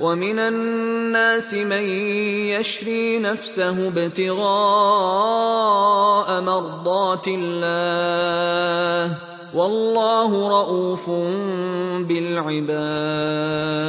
ومن الناس من يشري نفسه ابتغاء مرضات الله والله رؤوف بالعباد